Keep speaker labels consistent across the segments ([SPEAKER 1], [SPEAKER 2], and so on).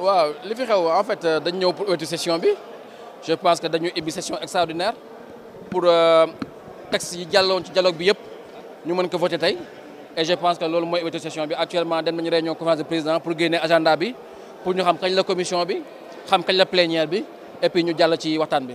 [SPEAKER 1] waaw li fi en fait euh, dañ ñëw pour cette session bi je pense que dañu une session extraordinaire pour euh, texte yi ci dialogue bi yëpp ñu mën ko voté et je pense que loolu mooy uti session bi actuellement dem nañu réunion conférence de président pour gagner agenda bi pour ñu xam la commission bi xam la plénière bi et puis nous jàll ci waxtaan bi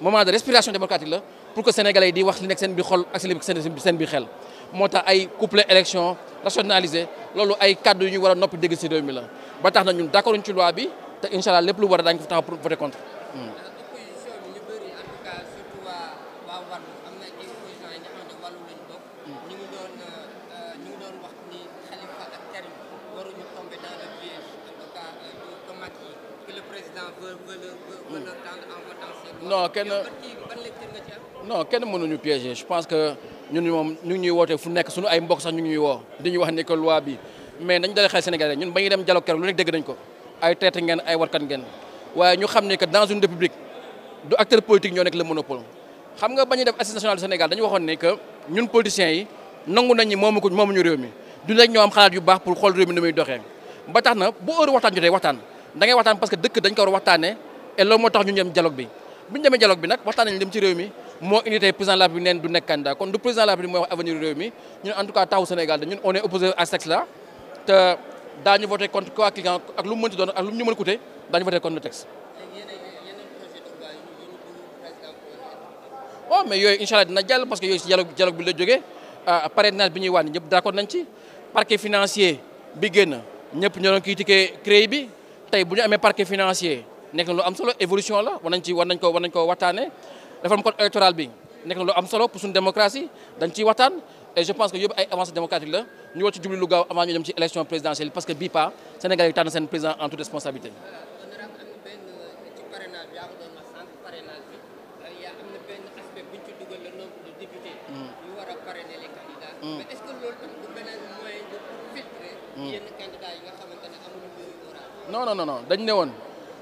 [SPEAKER 1] moment de respiration démocratique là, pour que sénégalais yi di wax li nekk seen bi xol ak li nekk seen bi xel moo ay couplé élection rationalisé loolu ay kàddu yu ñu war a noppi dégg si réew mi la ba tax na ñun d'accord ñu ci loi bi te incha allah lépp lu war a daañu ko taxaw pour voter contre. Hmm. Hmm. non kenn non piège. je pense que nous nous ñu nous nous fu nekk Nous ay mbokk sax Nous mais nous sommes xel Sénégalais Nous sommes des dem nous lu nous ko ay nous Nous ay warkat ñu que dans une république du acteur politique nous le monopole xam nous nous nous sommes nationale du Sénégal nous waxoon nous politiciens yi nous pas nous Nous moomuñu réew nous du nous nous am pour da waxtaan parce que dëkk dañ ko war waxtaanee et loolu moo tax ñu dem dialogue bi bu ñu demee dialogue bi nag waxtaan nañu dem ci réew moo indi tey président de neen du nekk candidat kon du président de la République mooy wax avenir réew mi ñun en tout cas taxu Sénégal da ñun on opposé à ce te daañu voté contre quoi ak lu mu mënti doon ak lu mu ñu mën a coûter daañu voté contre le texte. oh mais yooyu incha allah dina jàll parce que yooyu si dialogue dialogue bi la jógee ah, parrainage bi ñuy wàññi ñëpp d'accord nañ ci parquet financier bi génn ñëpp ñoo doon bi. tay buñu amé parquet financier nek lu am solo évolution la wonañ ci wonañ ko wonañ ko waxtaanee réforme code électoral bi nek lu am solo pour suñu démocratie dañ ci waxtaan et je pense que yob ay avancées démocratiques la ñu war djublu lu gaaw avant ñu dem ci élection présidentielle parce que bii pas Sénégal yi tan sen président en toute responsabilité. mais mm. mm. est-ce que loolu tam du beneen moyen de filtrer yenn candidats non non non dañ ne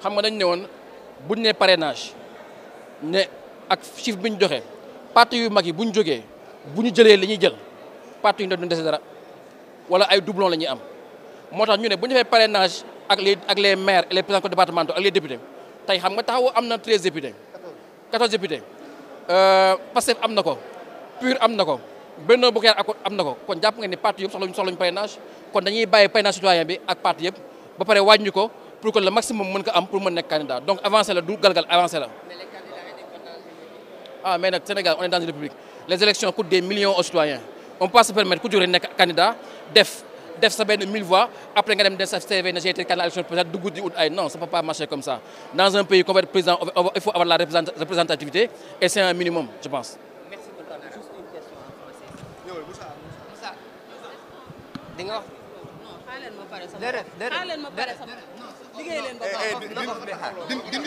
[SPEAKER 1] xam nga dañ ne buñ né parrainage né ak chiffre bi ñu parti yu magi buñ joggé ñu jëlé liñu jël parti yu ndaw duñ dara wala ay doublon lañu am motax ñu né buñ ñu defee parrainage ak les ak les maires et les présidents de département ak les députés tay xam nga taxaw amna 13 treize députés 14 députés euh am na ko PUR am ko Benno Bokk Yaakaar am na ko kon japp nga ni parti yu soxla soxla ñu parrainage kon dañuy bayé parrainage citoyen bi ak parti yëpp ba parler de pour que le maximum de ko pour donc avancez la galgal la. ah mais le Sénégal on est dans une république les élections coûtent des millions aux citoyens on peut se permettre de coûter candidat def def sa voix après nga des été non ça peut pas marcher comme ça dans un pays comme être président il faut avoir la représentativité et c'est un minimum je pense. merci beaucoup. xaaral ma pare sama. dërët dërët dërët liggéey leen ba baax. dindi